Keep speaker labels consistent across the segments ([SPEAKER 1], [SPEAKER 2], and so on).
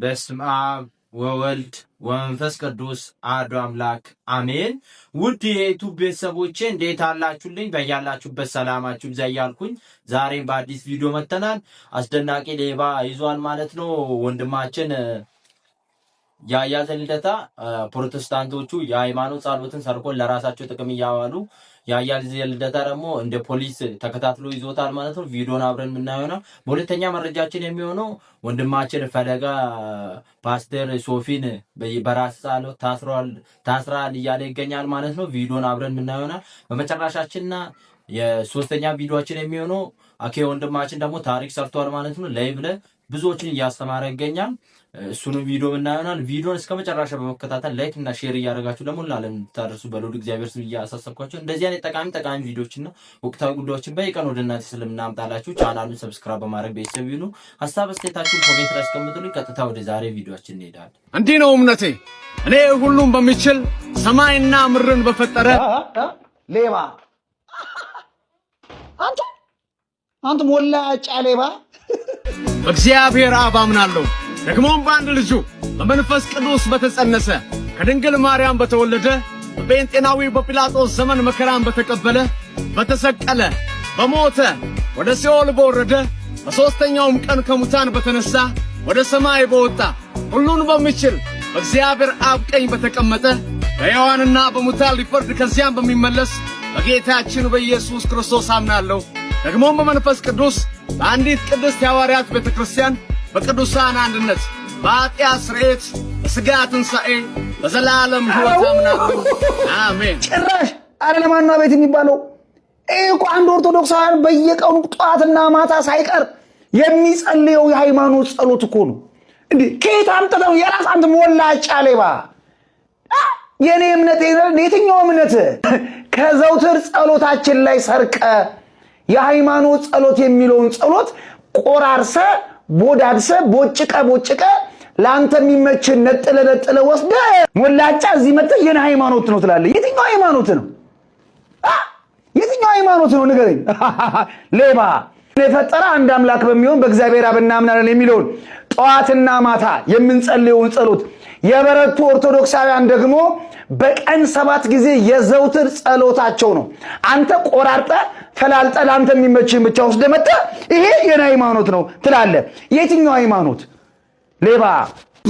[SPEAKER 1] በስም አብ ወወልድ ወመንፈስ ቅዱስ አሐዱ አምላክ አሜን። ውድ የቱ ቤተሰቦቼ እንዴት አላችሁልኝ? በያላችሁበት ሰላማችሁ ይብዛ እያልኩኝ ዛሬም በአዲስ ቪዲዮ መጥተናል። አስደናቂ ሌባ ይዟል ማለት ነው ወንድማችን የአያዘ ልደታ ፕሮቴስታንቶቹ የሃይማኖት ጻሎትን ሰርቆ ለራሳቸው ጥቅም እያዋሉ የአያዘ ልደታ ደግሞ እንደ ፖሊስ ተከታትሎ ይዞታል ማለት ነው። ቪዲዮን አብረን የምናየሆናል። በሁለተኛ መረጃችን የሚሆነው ወንድማችን ፈለጋ ፓስተር ሶፊን በራስ ጻሎት ታስራል እያለ ይገኛል ማለት ነው። ቪዲዮን አብረን የምናየሆናል። በመጨረሻችንና የሶስተኛ ቪዲዮችን የሚሆነው አኬ ወንድማችን ደግሞ ታሪክ ሰርቷል ማለት ነው። ላይ ብለ ብዙዎችን እያስተማረ ይገኛል። እሱን ቪዲዮ እናየናል። ቪዲዮን እስከ መጨረሻ በመከታተል ላይክ እና ሼር እያደረጋችሁ ደግሞ ለዓለም እንድታደርሱ በሎድ እግዚአብሔር ስም እያሳሰብኳቸው እንደዚህ አይነት ጠቃሚ ጠቃሚ ቪዲዮዎችና ወቅታዊ ጉዳዮችን በየቀን ወደ እናንተ ስለምናምጣላችሁ ቻናሉን ሰብስክራይብ በማድረግ ቤተሰብ ይሁኑ። ሀሳብ አስተያየታችሁን ኮሜንት ላይ አስቀምጡልኝ። ቀጥታ ወደ ዛሬ ቪዲዮችን እንሄዳለን።
[SPEAKER 2] እንዲህ ነው እምነቴ። እኔ ሁሉም በሚችል ሰማይና ምድርን በፈጠረ
[SPEAKER 3] ሌባ አንተ ሞላ ጫሌባ
[SPEAKER 2] እግዚአብሔር አብ አምናለሁ ደግሞም በአንድ ልጁ በመንፈስ ቅዱስ በተጸነሰ ከድንግል ማርያም በተወለደ በጴንጤናዊ በጲላጦስ ዘመን መከራን በተቀበለ በተሰቀለ በሞተ ወደ ሲኦል በወረደ በሦስተኛውም ቀን ከሙታን በተነሳ ወደ ሰማይ በወጣ ሁሉን በሚችል በእግዚአብሔር አብ ቀኝ በተቀመጠ በሕያዋንና በሙታን ሊፈርድ ከዚያም በሚመለስ በጌታችን በኢየሱስ ክርስቶስ አምናለሁ። ደግሞም በመንፈስ ቅዱስ በአንዲት ቅድስት የሐዋርያት ቤተ ክርስቲያን በቅዱሳን አንድነት በኃጢአት ስርየት በሥጋ ትንሣኤ በዘላለም ሕይወት አምናሉ። አሜን።
[SPEAKER 3] ጭራሽ አረ ለማና ቤት የሚባለው ይህ እኮ አንድ ኦርቶዶክሳውያን በየቀኑ ጠዋትና ማታ ሳይቀር የሚጸልየው የሃይማኖት ጸሎት እኮ ነው። እንዴ ከየት አምጥተው የራስ አንተ ሞላጫ ሌባ የእኔ እምነት የትኛው እምነት ከዘውትር ጸሎታችን ላይ ሰርቀ የሃይማኖት ጸሎት የሚለውን ጸሎት ቆራርሰ ቦዳድሰ ቦጭቀ ቦጭቀ ለአንተ የሚመችን ነጥለ ነጥለ ወስደ ሞላጫ እዚህ መጥተህ የኔ ሃይማኖት ነው ትላለህ። የትኛው ሃይማኖት ነው? የትኛው ሃይማኖት ነው ንገረኝ። ሌባ የፈጠረ አንድ አምላክ በሚሆን በእግዚአብሔር አብ እናምናለን የሚለውን ጠዋትና ማታ የምንጸልየውን ጸሎት የበረቱ ኦርቶዶክሳውያን ደግሞ በቀን ሰባት ጊዜ የዘውትር ጸሎታቸው ነው። አንተ ቆራርጠ ፈላልጠ ለአንተ የሚመችህን ብቻ ውስጥ ደመጠ ይሄ የኔ ሃይማኖት ነው ትላለ። የትኛው ሃይማኖት ሌባ?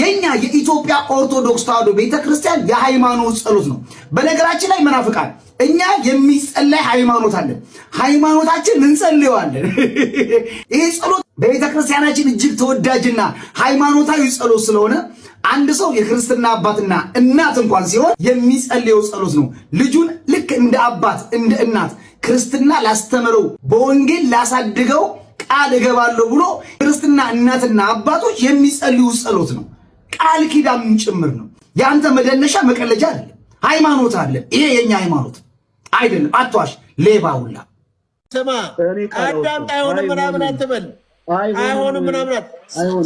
[SPEAKER 3] የኛ የኢትዮጵያ ኦርቶዶክስ ተዋዶ ቤተክርስቲያን የሃይማኖት ጸሎት ነው። በነገራችን ላይ መናፍቃል እኛ የሚጸለይ ሃይማኖት አለን። ሃይማኖታችን እንጸልየዋለን። ይህ ጸሎት በቤተክርስቲያናችን እጅግ ተወዳጅና ሃይማኖታዊ ጸሎት ስለሆነ አንድ ሰው የክርስትና አባትና እናት እንኳን ሲሆን የሚጸልየው ጸሎት ነው። ልጁን ልክ እንደ አባት እንደ እናት ክርስትና ላስተምረው በወንጌል ላሳድገው ቃል እገባለሁ ብሎ ክርስትና እናትና አባቶች የሚጸልዩ ጸሎት ነው። ቃል ኪዳም ጭምር ነው። የአንተ መደነሻ መቀለጃ አለ ሃይማኖት አለ። ይሄ የኛ ሃይማኖት አይደለም። አቷሽ ሌባ ሁላ ስማ አዳምጣ የሆነ ምናምን አትበል አይሆንም ምናምናት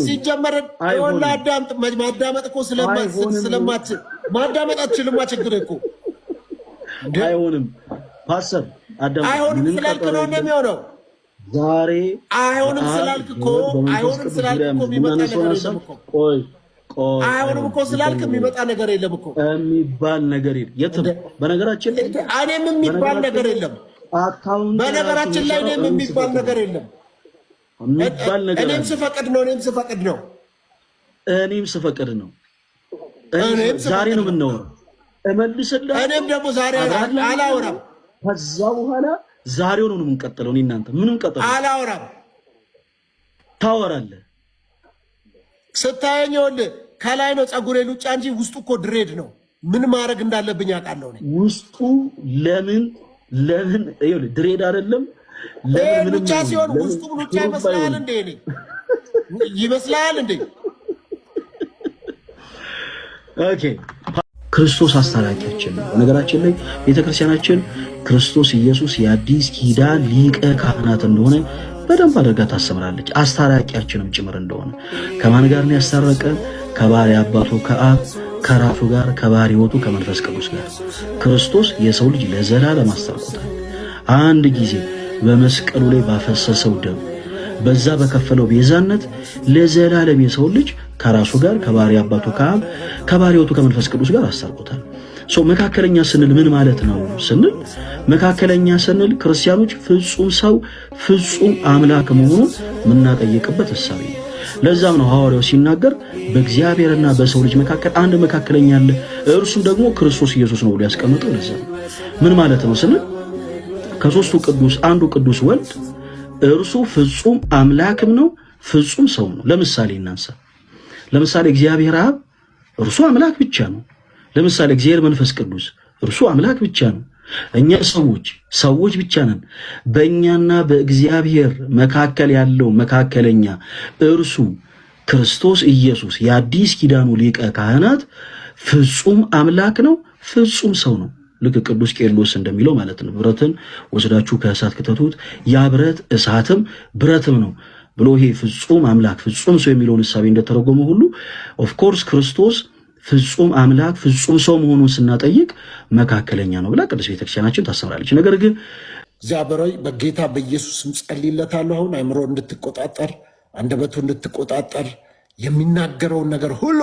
[SPEAKER 3] ሲጀመር ሆን ለአዳምጥ ማዳመጥ እኮ ስለማት ማዳመጥ አትችልማ። ችግር እኮ
[SPEAKER 4] አይሆንም ፓሰብ
[SPEAKER 3] አይሆንም ስላልክ ነው እንደሚሆነው ዛሬ አይሆንም ስላልክ እኮ አይሆንም ስላልክ እኮ
[SPEAKER 4] የሚመጣ ነገር የለም እኮ
[SPEAKER 3] አይሆንም እኮ ስላልክ የሚመጣ ነገር የለም እኮ
[SPEAKER 4] የሚባል ነገር የለም። በነገራችን ላይ
[SPEAKER 3] እኔም የሚባል ነገር የለም። በነገራችን ላይ እኔም የሚባል ነገር የለም። የሚባል ነገር እኔም ስፈቅድ ነው።
[SPEAKER 4] እኔም ስፈቅድ ነው። እኔም ስፈቅድ ነው። ዛሬ ነው የምናወራው። እመልስልህ። እኔም ደግሞ ዛሬ አላወራም። ከዛ በኋላ ዛሬው ነው የምንቀጥለው። እኔ እናንተ ምንም ቀጥለው አላወራም። ታወራለህ።
[SPEAKER 3] ስታየኝ ይኸውልህ፣ ከላይ ነው ፀጉሬ ሉጫ እንጂ ውስጡ እኮ ድሬድ ነው። ምን ማድረግ እንዳለብኝ አውቃለሁ።
[SPEAKER 4] ውስጡ ለምን ለምን ድሬድ አይደለም
[SPEAKER 3] ሲሆን ይመስላል እንዴ? ይመስላል እንዴ?
[SPEAKER 4] ኦኬ ክርስቶስ አስታራቂያችን ነው። ነገራችን ላይ ቤተክርስቲያናችን ክርስቶስ ኢየሱስ የአዲስ ኪዳን ሊቀ ካህናት እንደሆነ በደንብ አድርጋ ታስተምራለች። አስታራቂያችንም ጭምር እንደሆነ ከማን ጋር ነው ያስታረቀን? ከባሕሪ አባቱ ከአብ ከራሱ ጋር ከባሕሪ ሕይወቱ ከመንፈስ ቅዱስ ጋር ክርስቶስ የሰው ልጅ ለዘላለም አስታርቆታል። አንድ ጊዜ በመስቀሉ ላይ ባፈሰሰው ደም በዛ በከፈለው ቤዛነት ለዘላለም የሰው ልጅ ከራሱ ጋር ከባሪ አባቱ ከአብ ከባሪዎቱ ከመንፈስ ቅዱስ ጋር አስታርቆታል። መካከለኛ ስንል ምን ማለት ነው ስንል መካከለኛ ስንል ክርስቲያኖች ፍጹም ሰው ፍጹም አምላክ መሆኑን የምናጠይቅበት እሳቤ ነው። ለዛም ነው ሐዋርያው ሲናገር በእግዚአብሔርና በሰው ልጅ መካከል አንድ መካከለኛ አለ፣ እርሱም ደግሞ ክርስቶስ ኢየሱስ ነው ብሎ ያስቀምጠው። ለዛ ምን ማለት ነው ስንል ከሶስቱ ቅዱስ አንዱ ቅዱስ ወልድ እርሱ ፍጹም አምላክም ነው፣ ፍጹም ሰው ነው። ለምሳሌ እናንሳ። ለምሳሌ እግዚአብሔር አብ እርሱ አምላክ ብቻ ነው። ለምሳሌ እግዚአብሔር መንፈስ ቅዱስ እርሱ አምላክ ብቻ ነው። እኛ ሰዎች ሰዎች ብቻ ነን። በእኛና በእግዚአብሔር መካከል ያለው መካከለኛ እርሱ ክርስቶስ ኢየሱስ የአዲስ ኪዳኑ ሊቀ ካህናት ፍጹም አምላክ ነው፣ ፍጹም ሰው ነው። ልክ ቅዱስ ቄርሎስ እንደሚለው ማለት ነው ብረትን ወስዳችሁ ከእሳት ክተቱት፣ ያ ብረት እሳትም ብረትም ነው ብሎ ይሄ ፍጹም አምላክ ፍጹም ሰው የሚለውን እሳቤ እንደተረጎመ ሁሉ ኦፍኮርስ ክርስቶስ ፍጹም አምላክ ፍጹም ሰው መሆኑን ስናጠይቅ መካከለኛ ነው ብላ ቅዱስ ቤተክርስቲያናችን ታሰምራለች። ነገር ግን
[SPEAKER 3] እግዚአብሔራዊ በጌታ በኢየሱስም ጸልይለታለሁ። አሁን አእምሮ እንድትቆጣጠር አንደበቱ እንድትቆጣጠር የሚናገረውን ነገር ሁሉ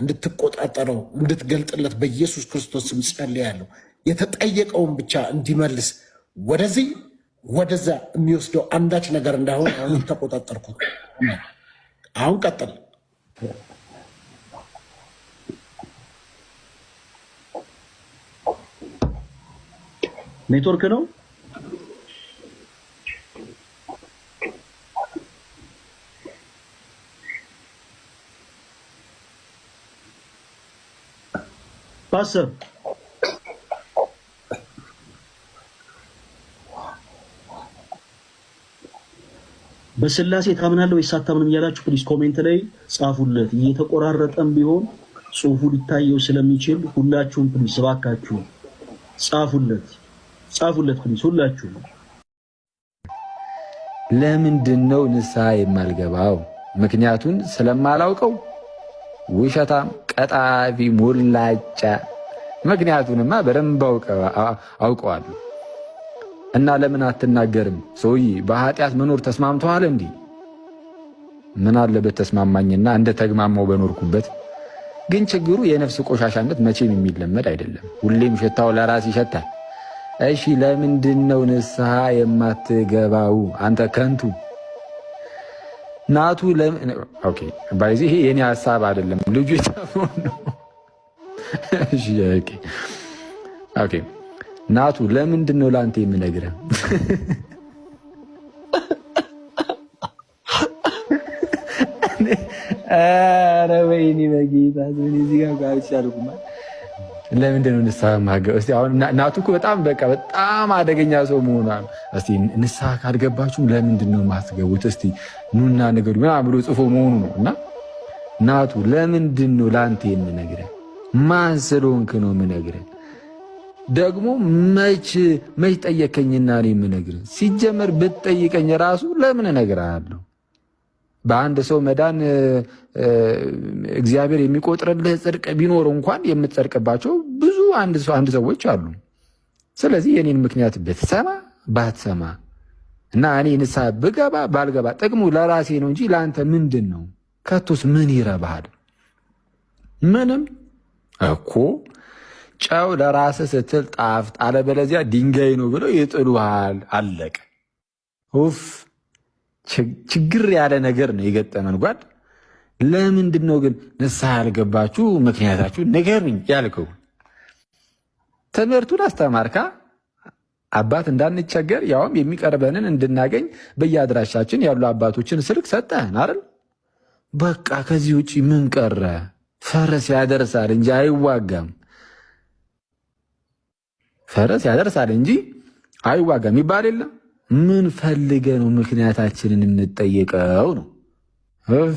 [SPEAKER 3] እንድትቆጣጠረው እንድትገልጥለት በኢየሱስ ክርስቶስ ስም ጸልያለሁ። የተጠየቀውን ብቻ እንዲመልስ ወደዚህ ወደዛ የሚወስደው አንዳች ነገር እንዳይሆን አሁን ተቆጣጠርኩት። አሁን ቀጥል።
[SPEAKER 4] ኔትወርክ ነው። Passa. በስላሴ ታምናለህ ወይስ አታምንም እያላችሁ ፕሊስ ኮሜንት ላይ ጻፉለት። እየተቆራረጠም ቢሆን ጽሁፉ ሊታየው ስለሚችል ሁላችሁም ፕሊስ እባካችሁ ጻፉለት፣ ጻፉለት ፕሊስ ሁላችሁም። ለምንድን ነው ንስሐ የማልገባው? ምክንያቱን ስለማላውቀው ውሸታም፣ ቀጣፊ፣ ሙላጫ። ምክንያቱንማ በደንብ አውቀዋለሁ። እና ለምን አትናገርም? ሰውዬ በኃጢአት መኖር ተስማምተዋል እንዲህ ምን አለበት ተስማማኝና እንደ ተግማማው በኖርኩበት። ግን ችግሩ የነፍስ ቆሻሻነት መቼም የሚለመድ አይደለም። ሁሌም ሽታው ለራስ ይሸታል። እሺ ለምንድን ነው ንስሐ የማትገባው አንተ ከንቱ ናቱ ለምን ይሄ የኔ ሀሳብ አይደለም፣ ልጁ ናቱ ለምንድን ነው ለአንተ የምነግረህ? ኧረ ወይኔ በጌታ እዚህ ጋር ጋር ለምንድን ነው ንስሐ ማገ እስቲ አሁን እናቱ እኮ በጣም በቃ በጣም አደገኛ ሰው መሆኗን እስቲ ንስሐ ካልገባችሁም ለምንድን ነው ማስገቡት? እስቲ ኑና ነገሩ ምናምን ብሎ ጽፎ መሆኑ ነው። እና እናቱ ለምንድን ነው ለአንተ የምነግረ? ማን ስለሆንክ ነው የምነግረ? ደግሞ መች መች ጠየከኝና የምነግረ? ሲጀመር ብትጠይቀኝ ራሱ ለምን እነግርሃለሁ? በአንድ ሰው መዳን እግዚአብሔር የሚቆጥርልህ ጽድቅ ቢኖር እንኳን የምትጸድቅባቸው ብዙ አንድ ሰዎች አሉ። ስለዚህ የኔን ምክንያት ብትሰማ ባትሰማ እና እኔ ንሳ ብገባ ባልገባ ጥቅሙ ለራሴ ነው እንጂ ለአንተ ምንድን ነው? ከቶስ ምን ይረባሃል? ምንም እኮ ጨው ለራስ ስትል ጣፍጥ፣ አለበለዚያ ድንጋይ ነው ብለው ይጥሉሃል። አለቀ። ችግር ያለ ነገር ነው የገጠመን ጓድ። ለምንድን ነው ግን ንስሐ ያልገባችሁ? ምክንያታችሁ ንገሩኝ ያልከው። ትምህርቱን አስተማርካ አባት እንዳንቸገር ያውም የሚቀርበንን እንድናገኝ በየአድራሻችን ያሉ አባቶችን ስልክ ሰጠህን አይደል? በቃ ከዚህ ውጭ ምን ቀረ? ፈረስ ያደርሳል እንጂ አይዋጋም። ፈረስ ያደርሳል እንጂ አይዋጋም ይባል የለም ምን ፈልገ ነው ምክንያታችንን የምንጠይቀው? ነው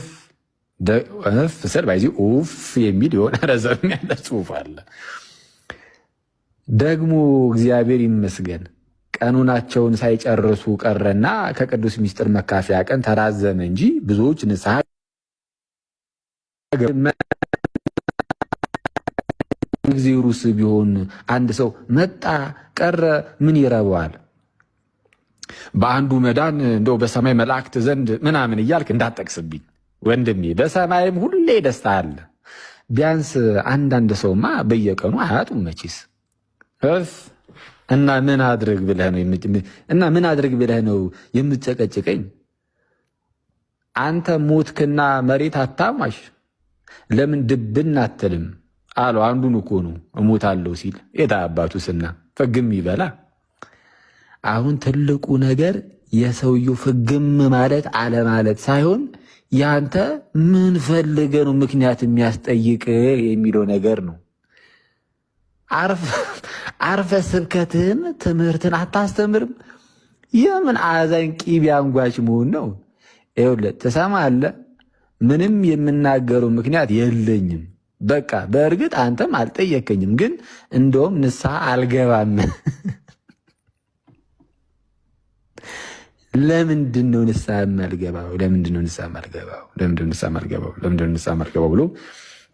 [SPEAKER 4] ፍ ስል ባይዚ ኡፍ የሚል የሆነ ረዘም ያለ ጽሁፍ አለ። ደግሞ እግዚአብሔር ይመስገን ቀኑናቸውን ሳይጨርሱ ቀረና ከቅዱስ ሚስጥር መካፈያ ቀን ተራዘመ እንጂ ብዙዎች ንስሐ ሩስ ቢሆን አንድ ሰው መጣ ቀረ ምን ይረበዋል? በአንዱ መዳን እንደው በሰማይ መላእክት ዘንድ ምናምን እያልክ እንዳጠቅስብኝ ወንድሜ። በሰማይም ሁሌ ደስታ አለ። ቢያንስ አንዳንድ ሰውማ በየቀኑ አያጡም መቼስ። እና ምን አድርግ ብለህ ነው እና ምን አድርግ ብለህ ነው የምትጨቀጭቀኝ? አንተ ሞትክና መሬት አታሟሽ፣ ለምን ድብን አትልም? አሉ አንዱን እኮ ነው እሞታለሁ ሲል የታ የታባቱስና ፈግም ይበላ አሁን ትልቁ ነገር የሰውየው ፍግም ማለት አለማለት ሳይሆን ያንተ ምን ፈልገ ነው ምክንያት የሚያስጠይቅ የሚለው ነገር ነው። አርፈ ስብከትህን ትምህርትን አታስተምርም። የምን አዛኝ ቂቢ አንጓች መሆን ነው? ይኸውልህ ትሰማለህ፣ ምንም የምናገረው ምክንያት የለኝም። በቃ በእርግጥ አንተም አልጠየከኝም፣ ግን እንደውም ንስሐ አልገባም ለምንድን ነው ንስሓ የማልገባው? ለምንድን ነው ንስሓ የማልገባው? ለምንድን ነው ንስሓ የማልገባው? ለምንድን ነው ንስሓ የማልገባው ብሎ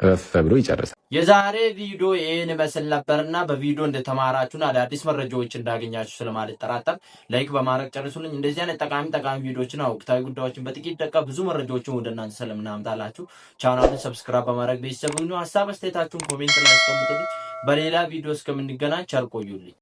[SPEAKER 4] ረፈ ብሎ ይጨርሳል።
[SPEAKER 1] የዛሬ ቪዲዮ ይህን ይመስል ነበርና በቪዲዮ እንደተማራችሁን አዳዲስ መረጃዎች እንዳገኛችሁ ስለማልጠራጠር ላይክ በማድረግ ጨርሱልኝ። እንደዚህ አይነት ጠቃሚ ጠቃሚ ቪዲዮዎችን ወቅታዊ ጉዳዮችን በጥቂት ደቂቃ ብዙ መረጃዎችን ወደ እናንተ ስለምናምጣላችሁ ቻናሉን ሰብስክራይብ በማድረግ ቤተሰብ ሀሳብ አስተያየታችሁን ኮሜንት ላይ አስቀምጡልኝ። በሌላ ቪዲዮ እስከምንገናኝ ቸር ቆዩልኝ።